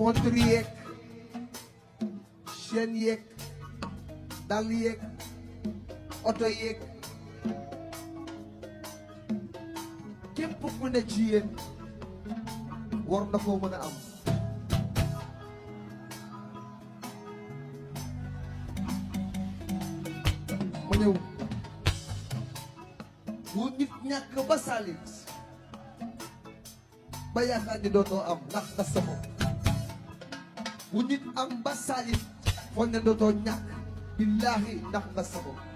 montre yeeg chaîne yeeg dàll yeeg oto yeeg képp ku ne ci yéen war na mën a am ma bu nit ñàkk ba salit ba yaakaar ni dootoo am ndax nga sa Ngunit ang basalit, huwag nandoton niya, bilahi nakbasa ko.